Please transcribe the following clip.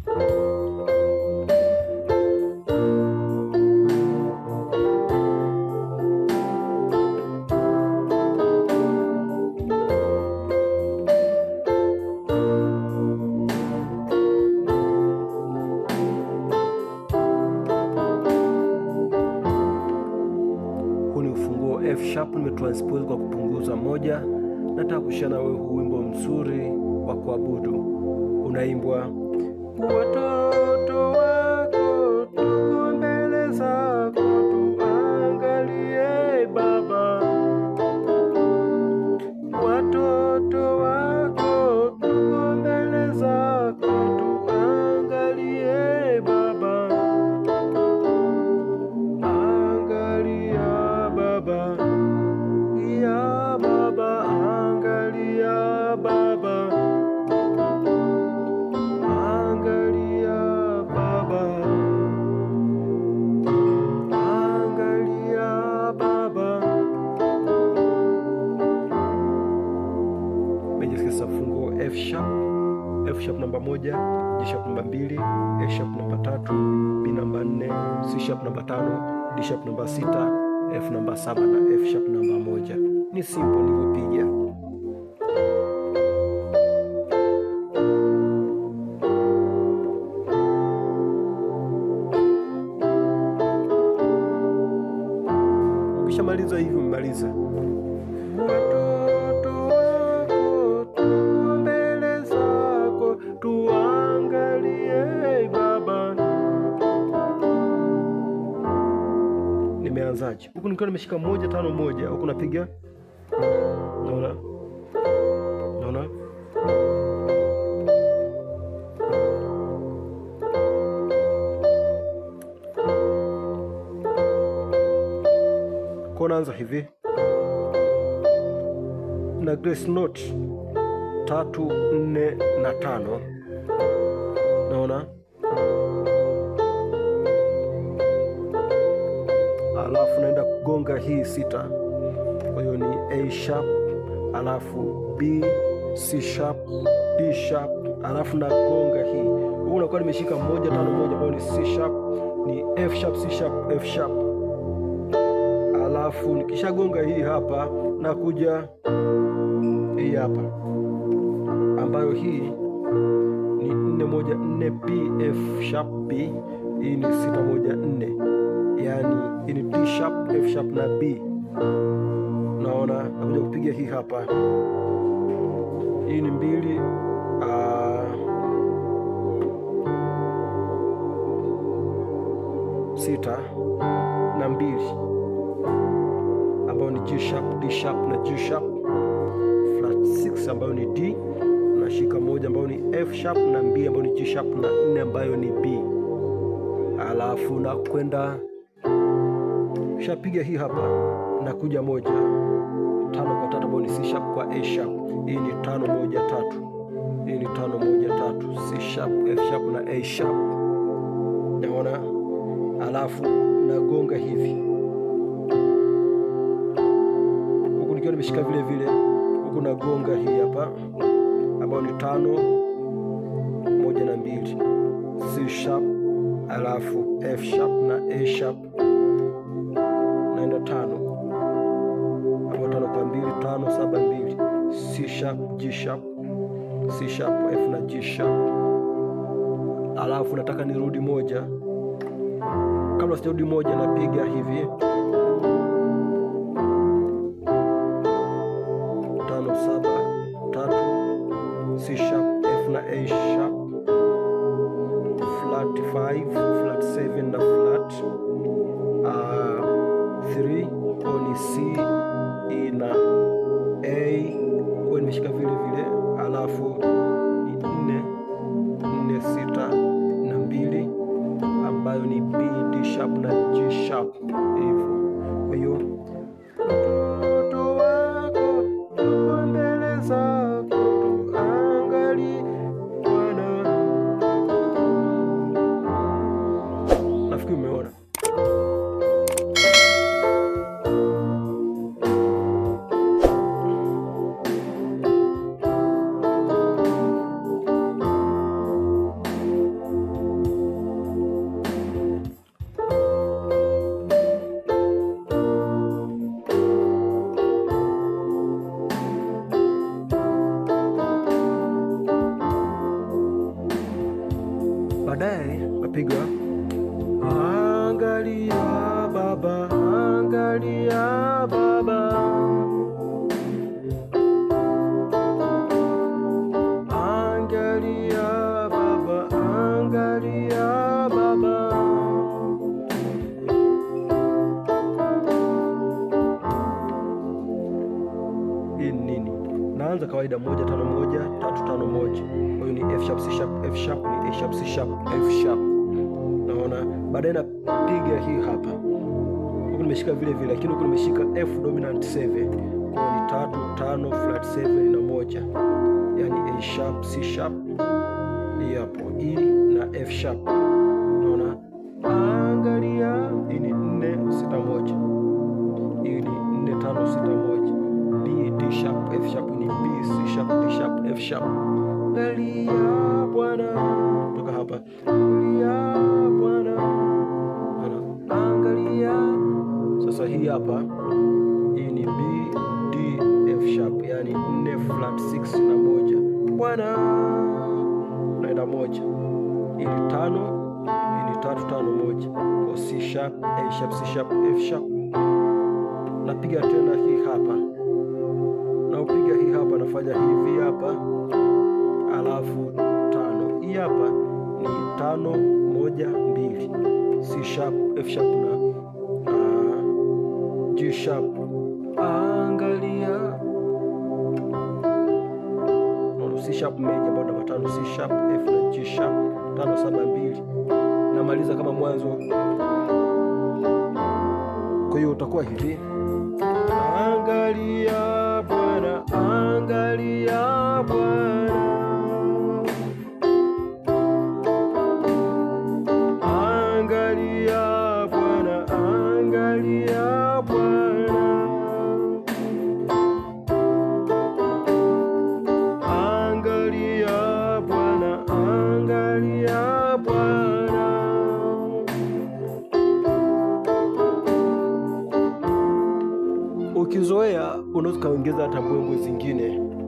F sharp nimetranspose kwa kupunguza moja. Nataka kushana wewe huu wimbo mzuri wa kuabudu unaimbwa what namba moja, G sharp namba mbili, A sharp namba tatu, B namba nne, C sharp namba tano, D sharp namba sita, F namba saba na F sharp namba moja. Ni simple nilivyopiga. Ukishamaliza hivyo, umemaliza. naanzaje? Huku nikiwa nimeshika moja tano moja, huku napiga, naona naona kwa naanza hivi na grace note tatu nne na tano alafu naenda kugonga hii sita, kwa hiyo ni A sharp, alafu B, C sharp, D sharp, alafu nagonga hii huu, unakuwa nimeshika moja tano moja, ambayo ni C sharp, ni F sharp, C sharp, F sharp, alafu nikishagonga hii hapa na kuja hii hapa ambayo hii ni nne moja nne B F sharp B, hii ni sita moja nne yani hii ni D sharp, F sharp na B. Naona nakuja kupiga hii hapa, hii ni mbili ah, sita na mbili ambayo ni G sharp, D sharp na G sharp flat 6 ambayo ni D na shika moja ambayo ni F sharp na mbili ambayo ni G sharp na nne ambayo ni B, alafu na kwenda shapiga hii hapa na kuja moja tano kwa tatu, ambayo ni C sharp kwa A sharp. Hii ni tano moja tatu, hii ni tano moja tatu, C sharp, F sharp na A sharp, naona. Alafu nagonga hivi huku nikiwa nimeshika vile vile, huku nagonga hii hapa ambayo ni tano moja na mbili, C sharp alafu F sharp na A sharp naenda tano ambayo tano kwa mbili tano saba mbili C sharp G sharp C sharp F na G sharp. Alafu nataka nirudi moja. Kabla sijarudi moja, napiga hivi tano saba tatu C sharp F na A sharp. fortalecer Baba, angalia Baba, angalia Baba, hii nini? Naanza kawaida moja tano moja tatu tano moja. Kwa hiyo ni F sharp C sharp F sharp ni A sharp C sharp F sharp, naona baadaye napiga hii hapa huku nimeshika vile vile, lakini huku nimeshika F dominant 7 kwa ni tatu tano flat 7 na moja, yani A sharp C sharp hii hapo E na F sharp. Unaona, angalia hii ni 4 sita moja, hii ni 4 tano sita moja, B D sharp F sharp ni B C sharp D sharp F sharp. Angalia bwana, kutoka hapa angalia hapa, hii ni B D F sharp, yani 4 flat 6 na moja bwana, naenda moja, hii ni tano, hii ni tatu tano moja, kwa C sharp A sharp C sharp F sharp. Napiga tena hii hapa, naupiga hii hapa, nafanya hivi hapa, alafu tano, hii hapa ni tano moja mbili, C sharp F sharp na G sharp, angalia C sharp meja bado namba tano, C sharp F na G sharp tano saba mbili, namaliza kama mwanzo. Kwa hiyo utakuwa hivi. na zingine.